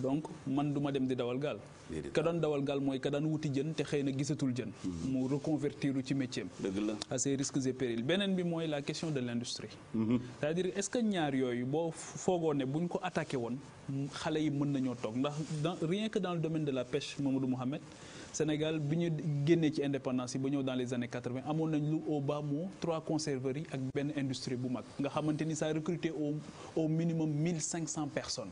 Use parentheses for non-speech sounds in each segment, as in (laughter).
donc man duma dem di dawal gaal ka daan dawal gaal mooy ka daan wuti jën te xëy na gisatul jën hmm. mu reconvertiru ci métier am à ses risques et périls beneen bi mooy la question de l'industrie hmm. c'est-à-dire est-ce que ñaar yooyu boo foogoo ne buñ ko attaqué woon xale yi mën nañoo toog ndax dans rien que dans le domaine de la pêche Mamadou Mouhamed Sénégal bi ñu génnee ci indépendance yi ba ñëw dans les années 80 amoon nañ lu au bas mot trois conserveries ak benn industrie bu mag nga xamante ni ça recruté au au minimum 1500 personnes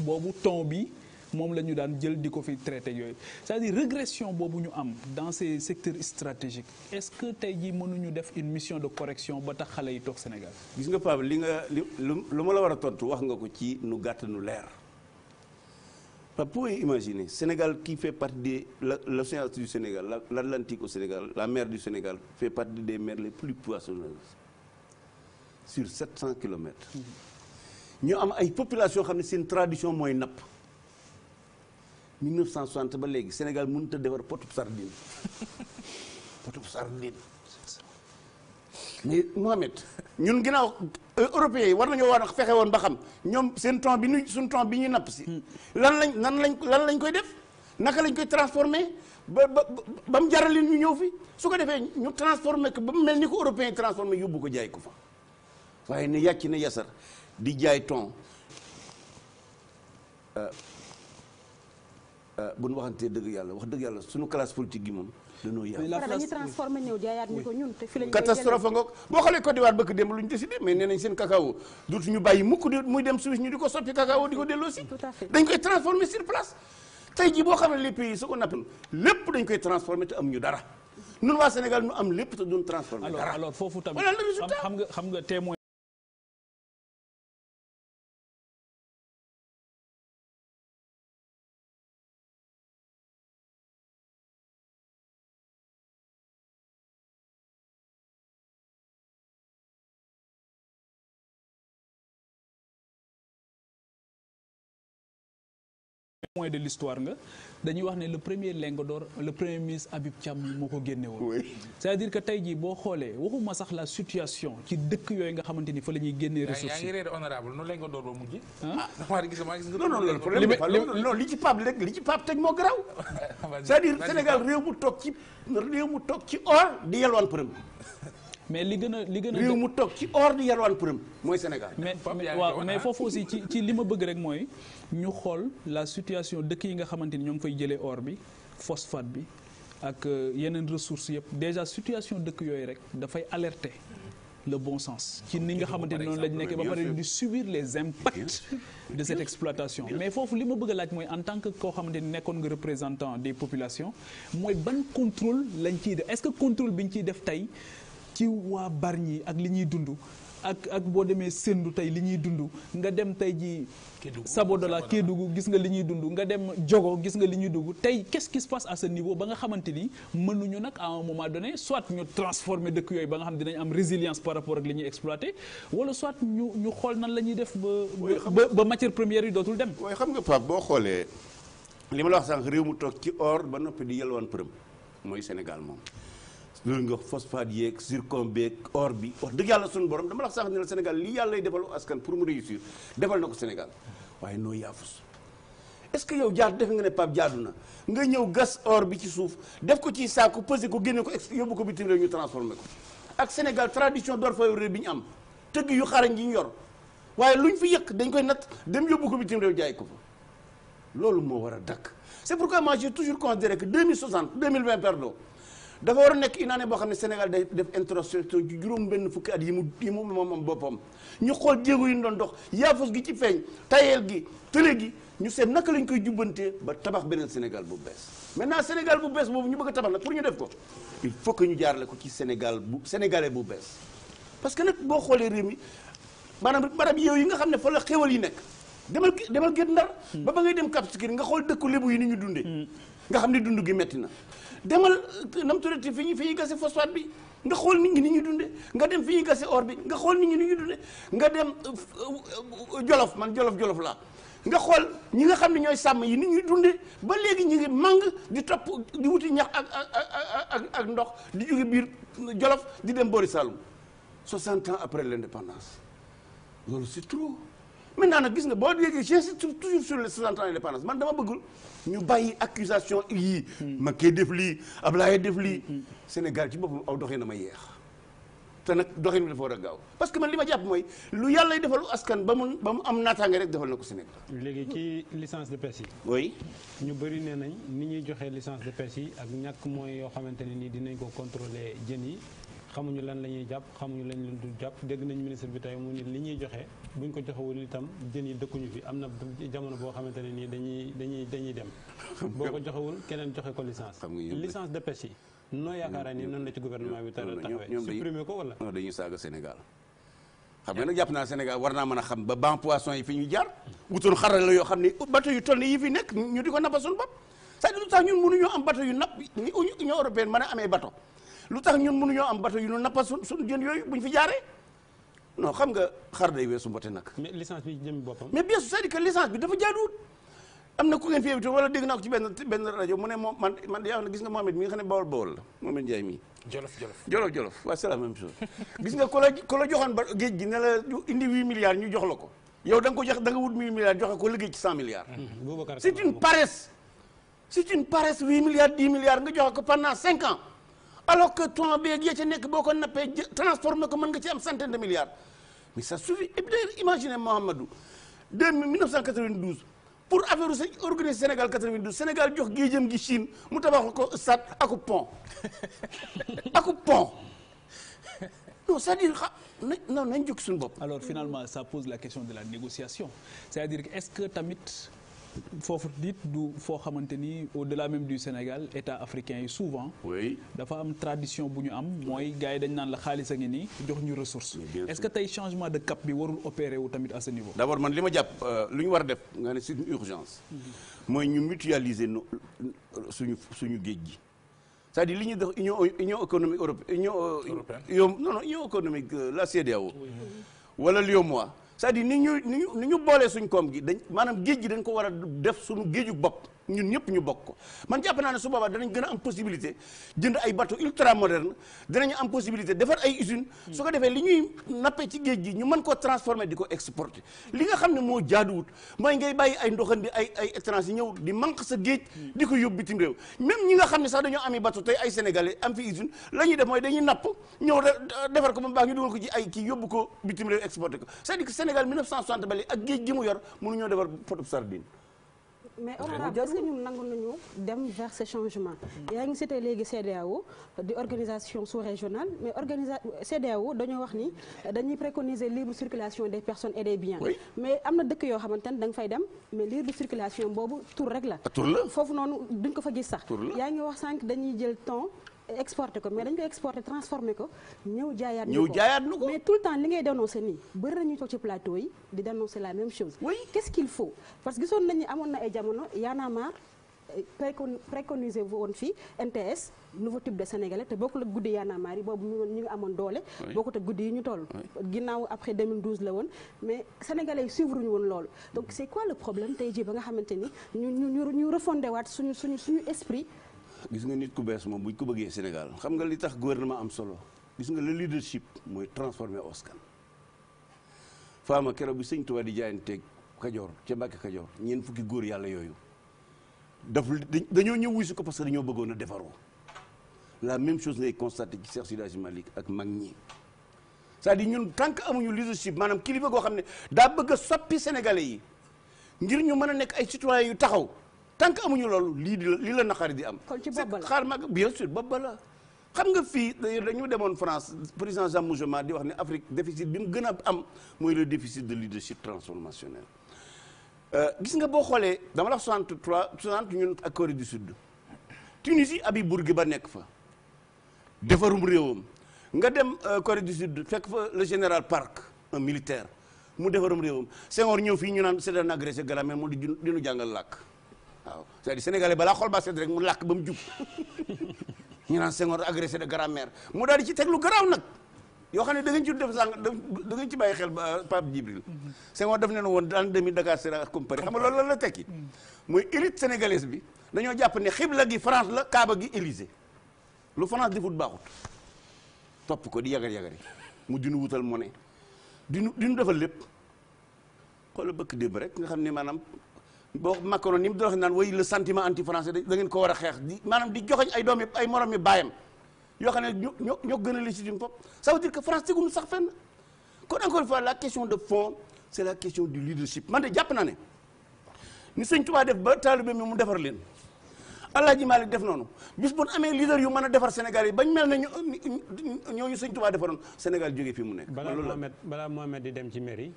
boobu ton bi moom la ñu daan jël di ko fi traité yooyu cest à régression boobu ñu am dans ces secteurs stratégiques est-ce que tey jii mënuñu def une mission de correction ba tax xale yi toog Sénégal. gis nga Pape li nga lu ma la war a tontu wax nga ko ci nu gàtt nu leer Pape pouvez imaginer Sénégal qui fait partie des l'océan du Sénégal l'Atlantique au Sénégal la mer du Sénégal fait part des mers les plus poissonneuses sur 700 kilomètres. Mm-hmm. ñu am ay population xam ne seen tradition mooy napp 1960 ba léegi Sénégal mënut a defar potub sardine (laughs) potub sardine mais Mohamed ñun ginnaaw euh, européens yi war nañoo war a fexe woon ba xam ñoom seen temps bi ñu suñu temps bi ñuy napp si hmm. lan lañ lan lañ lan lañ koy def naka lañ koy transformer ba ba ba mu jaral leen ñu ñëw fi su ko defee ñu transformer ko ba mu mel ni ko européens yi transformer yóbbu ko jaay ko fa waaye ne yàcc na yasar di jaay ton euh, euh, bu nu waxantee dëgg yàlla wax dëgg yàlla suñu classe politique gi moom dañoo yàq. la dañuy transformé ñëw jaayaat ñu ko ñun te fi lañu catastrophe ngoog boo xoolee Côte d'Ivoire bëgg dem lu ñu décidé mais nee nañ seen cacao dootu ñu bàyyi mukk di muy dem Suisse ñu di ko soppi cacao di ko delloosi. tout dañ koy transformé sur place. tey jii boo xam ne les su ko nappee lépp dañ koy transformé te am ñu dara. ñun waa Sénégal ñu am lépp te duñ transformé dara. alors alors foofu point de l'histoire nga dañuy wax ne le premier lingot d'or le premier ministre Habib Thiam moo ko génne woon c'est-à-dire que jii boo xoolee waxuma sax la situation ci dëkk yooyu nga xamante ni fa la ñuy génnee ressources yi yaa ngi réer honorable noonu lingot d'or ba li ci Pape rek li ci Pape teg moo garaaw (laughs) cest à Sénégal réew mu toog ci réew mu toog ci përëm (laughs) mais li gën a li gën a réew mu toog ci or di yarwaan përëm mooy Sénégal. mais waaw mais foofu aussi ci li ma bëgg rek mooy ñu xool la situation dëkk yi nga xamante ni ñoo ngi fay jëlee or bi phosphate bi ak euh, yeneen ressources yëpp déjà situation dëkk yooyu rek dafay alerter. le bon sens ci ni nga xamante ni noonu lañ nekkee ba pare di subir les impacts de cette exploitation mais foofu li ma bëgg laaj mooy en tant que koo xamante ni nekkoon nga représentant des populations mooy ban contrôle lañ ci def est-ce que contrôle bi ñu ciy def tey ci waa Bargny ak li ñuy dund ak ak boo demee Sendou tey li ñuy dund nga dem tey ji Sabodola Kédougou gis nga li ñuy dund nga dem Diogo gis nga li ñuy dugg tey quest que qui se passe à ba nga xamante ni mënuñu nag à un moment donné soit ñu transformer dëkk yooyu ba nga xam dinañ am résilience par rapport ak li ñuy exploité wala soit ñu ñu xool nan la ñuy def ba ba matière première yi dootul dem waaye xam nga Pape boo xoolee li ma la wax sànq réew mu toog ci or ba noppi di yelwaan përëm mooy Sénégal moom loolu nga wax phosphate yeeg zircon beeg or bi wax dëgg yàlla suñu borom dama la wax sax ne la Sénégal li yàlla lay defal askan pour mu réussir defal na ko Sénégal waaye noo yaafus est-ce que yow jaadu def nga ne Pape jaadu na nga ñëw gas or bi ci suuf def ko ci saaku pesé ko génne ko yóbbu ko bitim réew ñu transformé ko ak Sénégal tradition d'or fa réew bi ñu am tëgg yu xarañ yi ñu yor waaye lu ñu fi yëkk dañ koy natt dem yóbbu ko bitim jaay ko fa a dakk c'est pourquoi moi j'ai dafa war a nekk une boo xam ne Sénégal day def introspection ci juróom benn fukki at yi mu moom mu moom boppam ñu xool jéego yi ñu doon dox yaafus gi ci feeñ tayeel gi tële gi ñu seet naka lañ koy jubbantee ba tabax beneen Sénégal bu bees maintenant Sénégal bu bees boobu ñu bëgg a tabax nag pour ñu def ko il faut ñu jaarale ko ci Sénégal bu sénégalais bu bees parce que nag boo xoolee réew mi maanaam barab yow yi nga xam ne fa la xéwal yi nekk demal demal gét ndar ba ba ngay dem Cap nga xool dëkku lébu yi ni ñu dundee mm. nga xam ne dund gi metti na demal nam tuddati fi ñuy fi ñuy gase phosphate bi nga xool nit ñi ni ñuy dundee nga dem fi ñuy gase or bi nga xool nit ñi ni ñu dunde nga dem euh, euh, euh, jolof man jolof jolof la nga xool ñi nga xam ne ñooy sàmm yi ni ñuy dundee ba léegi ñu ngi màng di topp di wuti ñax ak ak ak ndox di jóge biir jolof di dem boori Saloum 60 ans après l'indépendance loolu c'est trop maintenant nag gis nga boo déggee j'insiste toujours sur les 60 ans d'indépendance man dama bëggul ñu bàyyi accusation yii Macky def lii Ablaye def lii Sénégal ci boppam aw doxee na ma yeex te nag doxin bi dafa war a gaaw parce que man li ma jàpp mooy lu yàlla defalu askan ba mu ba mu am naataange rek defal na ko Sénégal. léegi ci licence de pêche yi. oui. ñu bëri nee nañ ni ñuy joxe licence de pêche yi ak ñàkk mooy yoo xamante ne ni dinañ ko contrôler jën yi. xamuñu lan la ñuy jàpp xamuñu lan lañ du jàpp dégg nañ ministre bi tey mu ni li ñuy joxe buñ ko joxewul itam jën yi dëkkuñu fi am na jamono boo xamante ne nii dañuy dañuy dañuy dem boo ko joxewul keneen joxe ko licence licence de pêche yi noo yaakaara ni noonu la ci gouvernement bi tara taxawee supprimer ko wala non dañuy saaga Sénégal xam nga nag jàpp naa Sénégal war naa mën a xam ba ban poisson yi fi ñu jaar wutoon xarala yoo xam ne bateau yu toll ni yi fi nekk ñu di ko nappa suñu bopp c'est-à-dire lu ñun mënuñoo am bateau yu napp ni Union européenne mën lu tax ñun mënuñoo am bato yu ñu nappa sun suñu jën yooyu buñ fi jaaree non xam nga xar day weesu mbote nag. mais licence bi jëm boppam. mais bien sûr cest à licence bi dafa jaaduwut am na ku ngeen fi invité wala dégg naa ko ci benn benn rajo mu ne moom man man yaa na gis nga Mohamed mi nga xam ne Bawol Bawol la Mohamed Ndiaye mii. Jolof Jolof Jolof Jolof waaw c'est la même gis nga ku la ku la joxoon ba géej gi ne la indi 8 milliards ñu jox la ko yow da ko jox da nga wut 8 ko liggéey ci 100 milliards. Mm-hmm. c'est une nga joxe ko pendant alors que ton beeg ya ca nekk boo ko nappee transformé ko mën nga ci am centaine de milliards mais ça suffit et d'ailleurs imaginez Mohamadou de 1992 pour affaire organiser Sénégal 92 Sénégal jox géejam gi Chine mu tabax ko sat aku pont (laughs) aku pont non c'est-à-dire xa nañ non nañ jóg suñu bopp. alors finalement ça pose la question de la négociation c'est-à-dire est-ce que tamit. foofu it du foo xamante ni au delà même du Sénégal état africain yi souvent. oui dafa am tradition bu ñu am mooy gars yi dañ naan la xaalis a ngi nii jox ñu ressource. est-ce que tey changement de cap bi warul opérer wu tamit à ce niveau. d'abord man li ma jàpp euh, lu ñu war a def nga ne c'est une urgence. Mm-hmm. mooy ñu mutualiser no suñu suñu géej gi. cest à li ñuy def union union économique euh, européenne union. européenne non économique euh, la CEDEAO. wala l'UEMOA. cest à ni ñu ni ñu ni ñu boolee suñ koom gi dañ maanaam géej gi dañ ko war a def suñu géeju bopp ñun ñëpp ñu bokk ko man jàpp naa ne su boobaa danañ gën am possibilité jënd ay bateau ultra moderne danañu am possibilité defar ay usines su ko defee li ñuy nappee ci géej gi ñu mën koo transformer di ko exporter li nga xam ne moo jaaduwut mooy ngay bàyyi ay ndoxan di ay ay étranger yi ñëw di manque sa géej di ko yóbbu bitim réew même ñi nga xam ne sax dañoo ami bateau tey ay sénégalais am fi usine la ñuy def mooy dañuy napp ñëw defar ko ba baax ñu dugal ko ci ay kii yóbbu ko bitim réew exporter ko Sénégal 1960 ba léegi ak géej gi mu yor mënuñoo defar potub sardine. mais honorable est-ce que nangu nañu dem vers changement hmm. yaa ngi cité léegi CEDEAO di organisation sous-régionale mais organisa CEDEAO dañoo wax ni dañuy préconiser libre circulation des personnes et des biens mais am na dëkk yoo xamante ne da fay dem mais libre circulation boobu tur rek la ah, tur la foofu noonu duñ ko fa gis sax yaa ngi wax sànq dañuy jël temps exporté ko mais dañ koy exporté transformé ko ñëw jaayaat ñëw jaayaat nu ko mais tout le temps li ngay dénoncé nii bëri nañu toog ci plateau yi di dénoncer la même chose oui quest qu'il faut parce que gisoon nañu amoon na ay jamono Y'en a marre préconisé woon fii NTS nouveau type de sénégalais te bokkul ak guddi Y'en a yi boobu ñu ngi amoon doole bokkut ak guddi yi ñu toll ginnaaw après 2012 la woon mais sénégalais yi suivre ñu woon loolu donc c'est quoi le tey jii ba nga xamante ni ñu ñu ñu refondé waat suñu suñu suñu esprit gis nga nit ku bees moom buñ ko bëggee Sénégal xam nga li tax gouvernement am solo gis nga le leadership mooy transformer oskan faama keroog bi sëñ Tuubaa di jaayanteeg Kajoor ca Mbàkke Kajoor ñeent fukki góor yàlla yooyu daf dañoo ñëw ko parce que dañoo bëggoon a defaroo la même chose ngay constaté ci Cheikh Seydi Malick ak mag ñi cest à ñun tant que amuñu leadership maanaam kilifa goo xam ne daa bëgg a soppi sénégalais yi ngir ñu mën a nekk ay citoyens yu taxaw tant que amuñu loolu lii di la lii la naqari di am. kon ci bopp la xaar mag la. xam nga fii dañu demoon France président Jean Moujema di wax ne Afrique déficit bi mu gën a am mooy le déficit de leadership transformationnel. Euh, gis nga boo xoolee dama lax la 63 60 ñun ak Corée du Sud. Tunisie Habib ba nekk fa. defarum réewam. nga dem euh, Corée du Sud fekk fa le général Park un militaire mu defarum réewam Senghor ñëw fii ñu naan c'est un agressé galamé jàngal làkk. waaw c'est-à-dire balaa xol ba sedd rek mu làkk ba mu jub (laughs) ñu naan Senghor agressé de grammaire mu daal di ci teg lu garaaw nag yoo xam ne da ngeen ci def sànq da ngeen ci bàyyi xel euh, Pape Djibril mm-hmm. Senghor daf ne na woon l'an 2000 Dakar sera comme Paris xam nga loolu lan la tekki mooy mm-hmm. élite sénégalaise bi dañoo jàpp ne xibla gi France la Kaaba gi Élysée lu France defut baaxut topp ko di yagar-yagari mu dinu wutal monnaie dinu dinu defal lépp xoola bëkk démb rek nga xam ne maanaam boo Macron ni mu doon wax naan way le sentiment anti français ngeen ko war a xeex di maanaam di joxeñ ay doom yi ay morom yi bàyyam yoo xam ne ñoo ñoo gën a légitime foofu ça veut dire sax fenn kon encore une la question de fond c' est la question du leadership man de jàpp naa ne sëñ Tuubaa def ba taalibe mi mu defar leen Alaaji Maalik def noonu bis bu amee leader yu mën a defar Sénégal yi bañ mel ne ñooñu sëñ Tuubaa defaroon Sénégal jógee fii mu nekk. balaa Mohamed balaa Mohamed di dem ci mairie.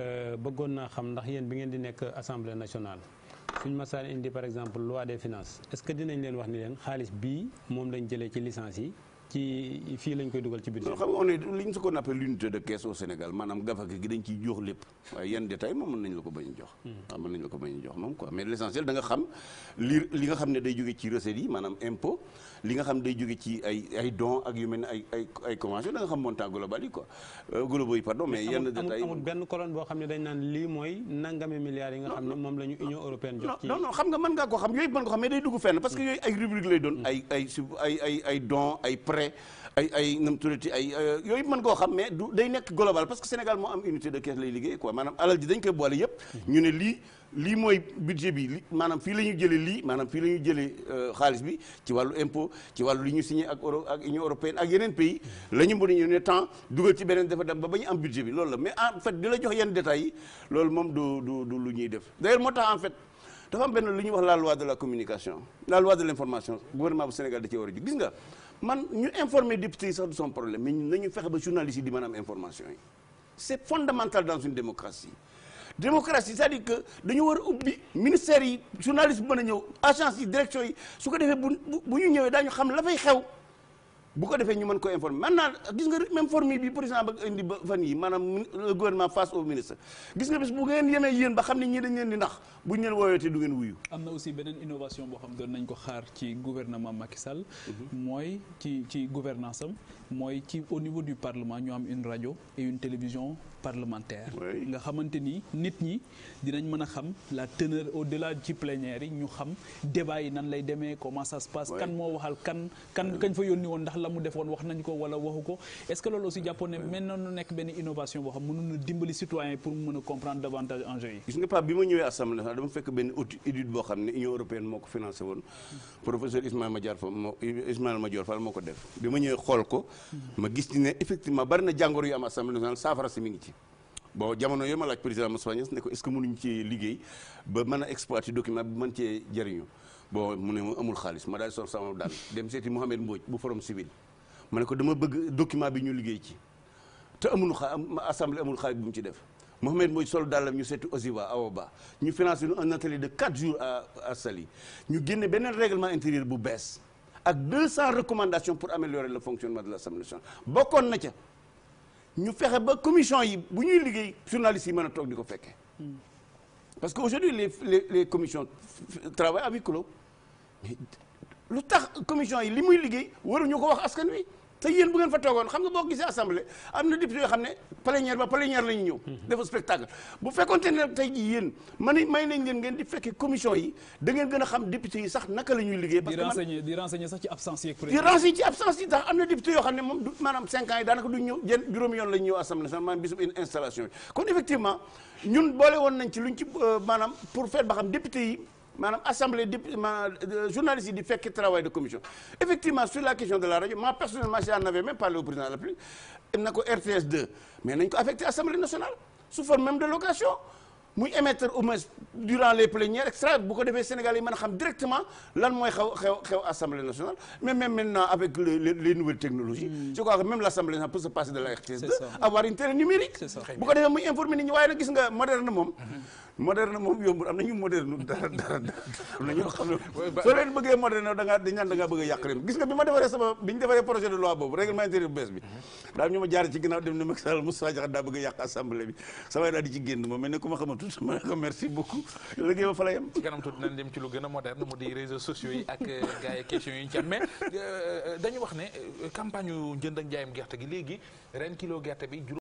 Euh, bëggoon naa xam ndax yéen bi ngeen di nekk assemblée nationale suñ masaan indi par exemple loi des finances est-ce que dinañ leen wax ni leen xaalis bii moom lañ jëlee ci licence yi ci fii lañ koy dugal ci budget. xam nga on est li ñu su ko de caisse au Sénégal maanaam gafaka gi dañ ciy jox lépp waaye yenn détail moom mën nañ la ko bañ jox. waaw hmm. ah, ko bañ jox moom xam li li nga xam ne day jóge ci recettes yi maanaam impôt. li nga xam day jóge ci ay ay ak yu mel ne ay ay ay convention da nga xam montant global yi quoi euh, globaux yi pardon mais yenn détails amul benn colonne boo xam ne dañ naan lii mooy nangami milliards yi nga xam ne moom la ñu union européenne jox ci non non xam nga mën ngaa ko xam yooyu mën ko xam mais day dugg fenn parce que mm. yooyu ay rubrique lay doon mm. ay ay su ay ay ay dons ay prêts ay ay nam tuddati ay euh, yooyu koo xam mais day nekk global parce que Sénégal moo am de caisse lay liggéey quoi maanaam alal ji dañ koy boole yëpp mm. ñu lii lii mooy budget bi li maanaam fii la ñu jëlee lii maanaam fii la ñu jëlee euh, xaalis bi ci wàllu impôt ci wàllu lu ñu signé ak euro ak union européenne ak yeneen pays la ñu mën a ne temps dugal ci beneen dafa dem ba ba ñu am budget bi loolu la mais en fait di la jox yenn détails yi loolu moom du du du lu ñuy def d'ailleurs moo tax en fait dafa am benn lu ñuy wax la loi de la communication la loi de l'information gouvernement bu Sénégal da cee war a jóg gis nga man ñu informer député yi sax du son ba journalistes yi di mën a am démocratie c'est-à-dire que dañu war a ubbi ministères yi journaliste bu mën a ñëw agence yi direction yi su ko defee bu bu ñu ñëwee daañu xam la fay xew bu ko defee ñu man ko informer maintenant gis nga même formule bi président ba indi ba fan yi maanaam le gouvernement face au ministre gis nga bis bu ngeen yemee yéen ba xam ne ñi dañ leen di nax bu ñu leen wooyootee du ngeen wuyu. am na aussi beneen innovation boo xam doon nañ ko xaar ci gouvernement Macky Sall. Mhm. mooy ci ci gouvernance am mooy ci au niveau du parlement ñu am une radio et une télévision parlementaire nga xamante ni nit ñi dinañ mën a xam la teneur au delà ci plénière yi ñu xam débat yi nan lay demee comment ça se kan moo waxal kan kañ fa yónni woon ndax la mu defoon wax nañ ko wala waxu ko est ce que loolu aussi jàppoon ne mel na nu nekk benn innovation boo xam mënoon dimbali citoyen yi pour mu mën a comprendre davantage enjeu yi gis nga Pape bi ma ñëwee assemblée hmm. ko def bi ma xool ko ma gis ni ne effectivement bari na jàngoro yu am assemblée nationale saafara si mi ngi ci. bon jamono yooyu ma laaj président Moustapha Niasse ne ko est-ce que mënuñ ci liggéey ba mën a exploiter document bi man cee jëriñu bon mu ne mu amul xaalis ma daal di sol sama daal dem seeti Mouhamed Mbodj bu forum civil ma ne ko dama bëgg document bi ñu liggéey ci te amul xa assemblée amul xaalis bu mu ci def Mouhamed Mbodj sol dàllam ñu seeti Osiwa Awoba ñu financé un atelier de 4 jours à ñu génne beneen règlement intérieur bu bees. ak deux 200 recommandations pour améliorer le fonctionnement de l'Assemblée nationale bokkoon na ca ñu fexe ba commission yi bu ñuy liggéey journalistes yi mën a toog di ko fekkee parce que aujourd'hui les les les commissions travaillent à huis clos lu tax commission yi li muy liggéey waruñu ko wax askan wi. te yéen bu ngeen fa toogoon xam nga boo gisee assemblée am na député yoo xam ne plénière ba plénière la ñëw hmm. dafa spectacle bu fekkonte ne tey jii yi sax naka la liggéey parce que di sax ci absence yi di renseigner ci absence yi tax am na député yoo xam ne moom maanaam cinq ans yi daanaka duñ ñëw jën yoon la ñëw assemblée sax maanaam bisub une installation yi kon effectivement ñun boole woon nañ ci luñ ci euh, maanaam pour faire maanaam assemblée député ma journaliste yi di fekk travail de commission effectivement sur la question de la rajo moi personnellement j'en avais même parlé au président de la République na ko RTS 2 mais nañ ko affecté assemblée nationale sous forme même de location muy émettre au moins durant les plénières extra bu defee Sénégal yi mën a xam directement lan mooy xew xew xew assemblée nationale mais même maintenant avec les, les, les nouvelles technologies. Hmm. se passer de moderne moom yombul am na ñu moderne (laughs) dara dara dara am a yàq leen gis mhm. a yàq assemblée bi sama daal di dañu wax ne euh, campagne njënd ak gerte gi léegi ren kilo gerte bi